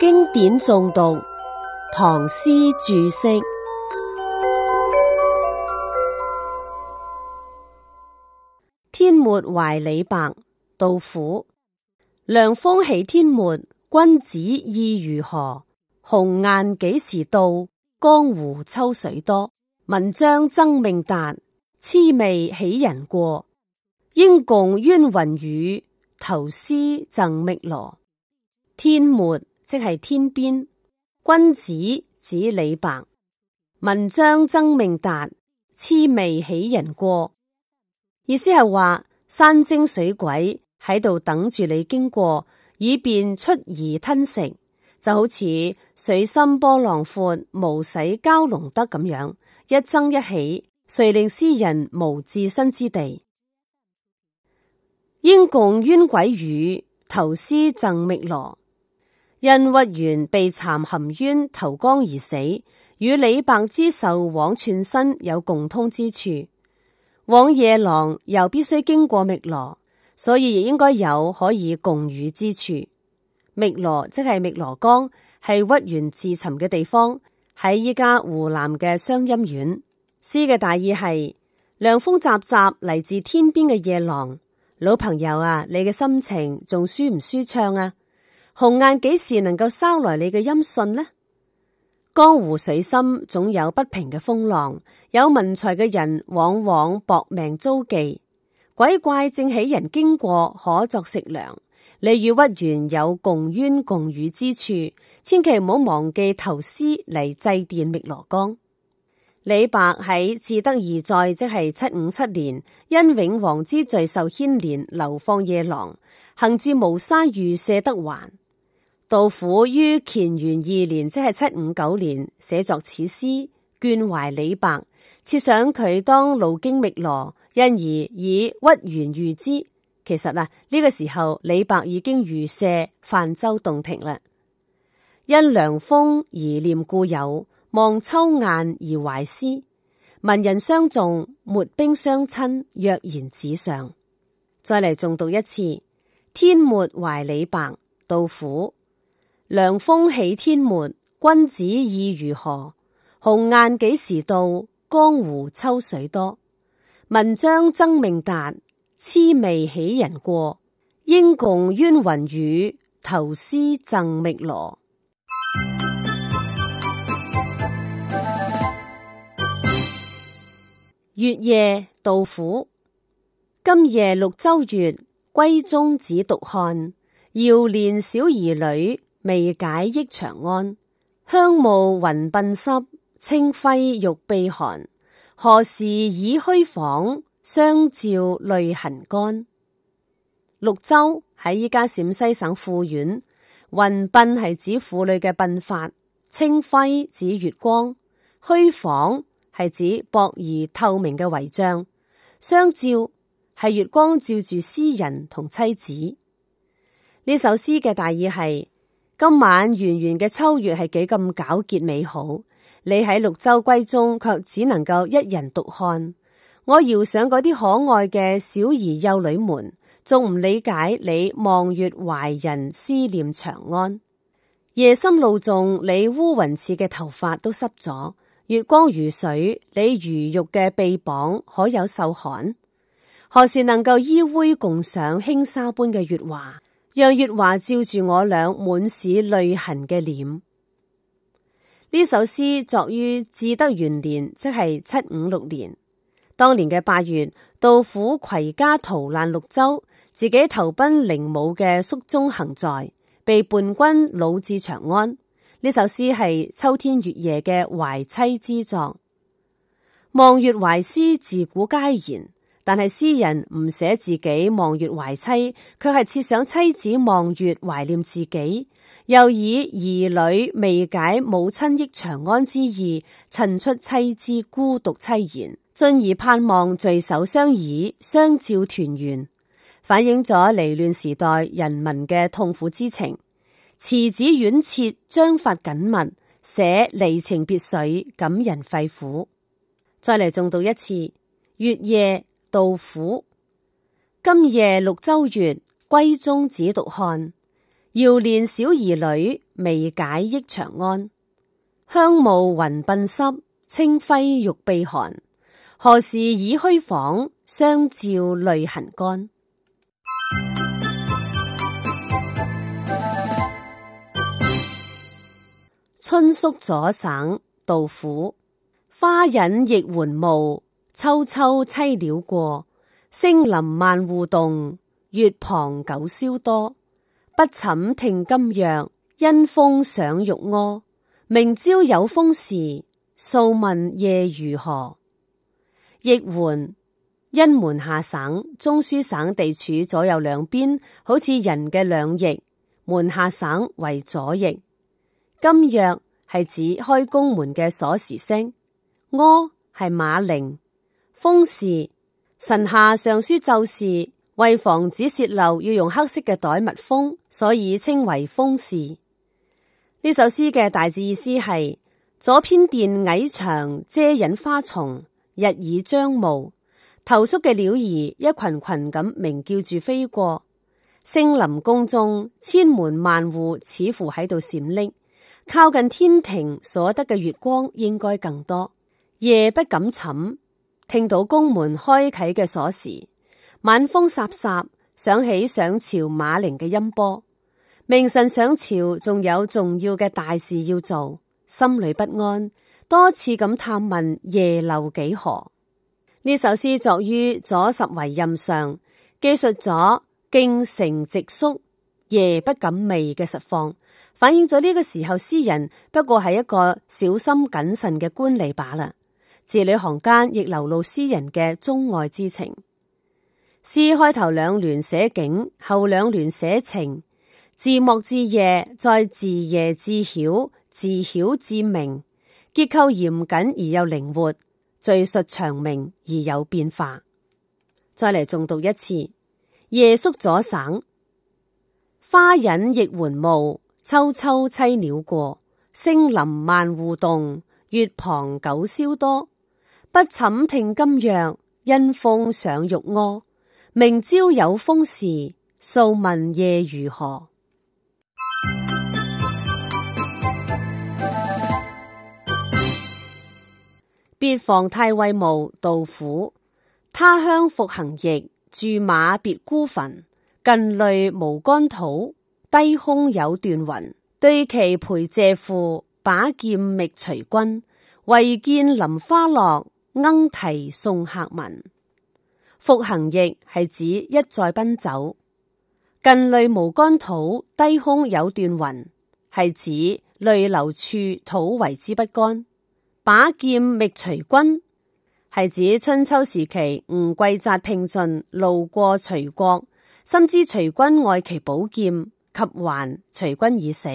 經典誦讀，唐詩注釋。天末懷李白，杜甫。涼風起天末，君子意如何？鴻雁幾時到？江湖秋水多。文章憎命達，魑魅喜人過。應共冤魂語，投詩贈汨羅。天末。即係天邊，君子指李白。文章憎命達，魑魅喜人過。意思係話山精水鬼喺度等住你經過，以便出而吞食。就好似水深波浪闊，無使蛟龍得咁樣，一爭一起，誰令詩人無置身之地？應共冤鬼語，投詩贈汨羅。因屈原被讒含冤投江而死，與李白之受往竄身有共通之處。往夜郎又必須經過汨羅，所以亦應該有可以共語之處。汨羅即係汨羅江，係屈原自沉嘅地方，喺依家湖南嘅湘陰縣。詩嘅大意係：涼風習習嚟自天邊嘅夜郎，老朋友啊，你嘅心情仲舒唔舒暢啊？紅雁幾時能夠捎來你嘅音信呢？江湖水深，總有不平嘅風浪。有文才嘅人，往往搏命遭忌。鬼怪正喜人經過，可作食糧。你與屈原有共冤共語之處，千祈唔好忘記投詩嚟祭奠汨羅江。李白喺至德二載，即係七五七年，因永王之罪受牽連，流放夜郎，行至巫山遇赦得還。杜甫於乾元二年，即係七五九年，寫作此詩，眷懷李白。設想佢當路經汨羅，因而以屈原喻之。其實啊，呢個時候李白已經遇赦泛舟洞庭啦。因涼風而念故友，望秋雁而懷詩。文人相重，沒兵相親，躍然紙上。再嚟，重讀一次，天末懷李白，杜甫。涼風起天末，君子意如何？鴻雁幾時到？江湖秋水多。文章憎命達，魑魅喜人過。應共冤魂語，投詩贈汨羅。月夜，杜甫。今夜六州月，閨中只獨看。遙憐小兒女。未解憶長安，香霧雲鬢濕，清輝玉臂寒。何時以虛幌，相照淚痕乾？綠洲喺依家陝西省富縣，雲鬢係指婦女嘅鬢髮，清輝指月光，虛幌係指薄而透明嘅帷帳，相照係月光照住詩人同妻子。呢首詩嘅大意係。今晚圓圓嘅秋月係幾咁皎潔美好，你喺綠洲閨中卻只能夠一人獨看。我遙想嗰啲可愛嘅小兒幼女們，仲唔理解你望月懷人思念長安。夜深露重，你烏雲似嘅頭髮都濕咗，月光如水，你如玉嘅臂膀可有受寒？何時能夠依偎共賞輕紗般嘅月華？讓月華照住我倆滿是淚痕嘅臉。呢首詩作於至德元年，即係七五六年。當年嘅八月，杜甫攜家逃難六州,自己投奔靈武嘅肅宗行在，被叛軍擄至長安。呢首詩係秋天月夜嘅懷妻之作。望月懷思，自古皆然。但係詩人唔寫自己望月懷妻，卻係設想妻子望月懷念自己，又以兒女未解母親憶長安之意，襯出妻子孤獨淒然，進而盼望聚首相倚，相照團圓，反映咗離亂時代人民嘅痛苦之情。詞子遠切，章法緊密，寫離情別緒，感人肺腑。再嚟重讀一次月夜。杜甫：今夜六州月，閨中只獨看。遙憐小兒女，未解憶長安。香霧雲鬢濕，清輝玉臂寒。何時已虛幌，相照淚痕乾。春宿左省，杜甫：花隱掖垣暮。秋秋棲鳥過，星臨萬戶動。月旁九宵多，不寢聽金藥。因風賞玉阿，明朝有風時，素問夜如何？亦緩因門下省、中書省地處左右兩邊，好似人嘅兩翼。門下省為左翼，金藥係指開宮門嘅鎖匙聲，阿係馬鈴。封事神下上書奏事，為防止泄漏，要用黑色嘅袋密封，所以稱為封事。呢首詩嘅大致意思係：左偏殿矮牆遮隱花叢，日已將暮，投宿嘅鳥兒一群群咁鳴叫住飛過。星臨宮中千門萬戶，似乎喺度閃匿，靠近天庭所得嘅月光，應該更多。夜不敢寢。聽到宮門開啟嘅鎖匙，晚風颯颯，想起上朝馬鈴嘅音波。明晨上朝仲有重要嘅大事要做，心裏不安，多次咁探問夜漏幾何？呢首詩作於左拾遺任上，記述咗京城直宿夜不敢寐嘅實況，反映咗呢個時候詩人不過係一個小心謹慎嘅官吏罷了。字裏行間亦流露詩人嘅鍾愛之情。詩開頭兩聯寫景，後兩聯寫情，自暮至夜，再自夜至曉，自曉至明，結構嚴謹而又靈活，敘述長明而有變化。再嚟重讀一次，夜宿左省，花隱掖垣暮，啾啾棲鳥過，星臨萬戶動，月傍九霄多。不寢聽金鑰，因風想玉珂。明朝有風事，數問夜如何？別房太尉墓，杜甫。他鄉復行役。駐馬別孤墳，近淚無乾土，低空有斷雲。對棋陪謝傅，把劍覓徐君。唯見林花落。鶯啼送客聞。復行役係指一再奔走。近淚無乾土，低空有斷雲，係指淚流處土為之不乾。把劍覓徐君，係指春秋時期吳季札聘晉路過徐國，深知徐君愛其寶劍，及還徐君已死，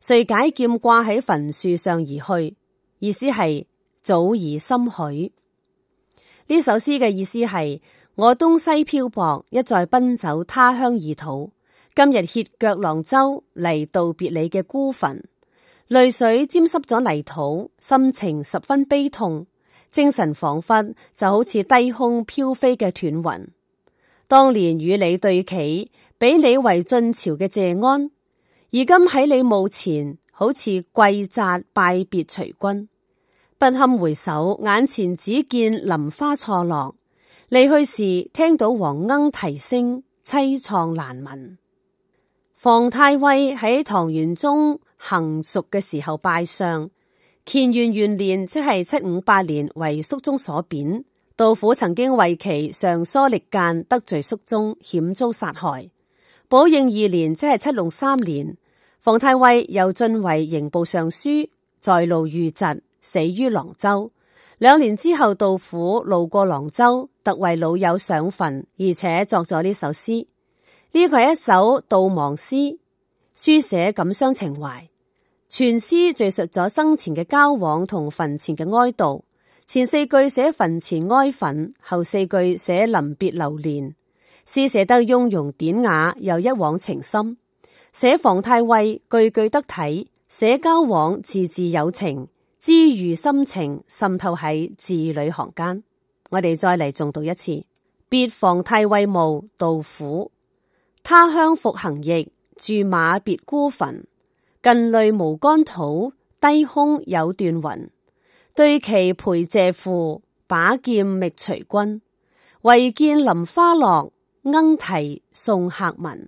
遂解劍掛喺墳樹上而去，意思係。早已心許，呢首詩嘅意思係：我東西漂泊，一再奔走他鄉異土，今日歇腳閬州，嚟道別你嘅孤墳，淚水沾濕咗泥土，心情十分悲痛，精神彷彿就好似低空飄飛嘅斷雲。當年與你對棋，比你為晉朝嘅謝安，而今喺你墓前，好似季札拜別隨君。不堪回首，眼前只見林花錯落。離去時聽到黃鶯啼聲，悽愴難聞。房太尉喺唐玄宗行熟嘅時候拜相，乾元元年即係七五八年，為肅宗所貶。杜甫曾經為其上疏力諫，得罪肅宗，險遭殺害。寶應二年即係七六三年，房太尉又晉為刑部尚書，在路遇疾。死於閬州，兩年之後，杜甫路過閬州，特為老友上墳，而且作咗呢首詩。呢個係一首悼亡詩，書寫感傷情懷。全詩敘述咗生前嘅交往同墳前嘅哀悼。前四句寫墳前哀墳，後四句寫臨別留戀。詩寫得雍容典雅，又一往情深。寫房太尉句句得體，寫交往字字有情。之餘心情滲透喺字裏行間，我哋再嚟誦讀一次。別房太尉墓，杜甫。他鄉復行役，駐馬別孤墳。近淚無乾土，低空有斷雲。對棋陪謝傅，把劍覓隨君。唯見林花落，鶯啼送客聞。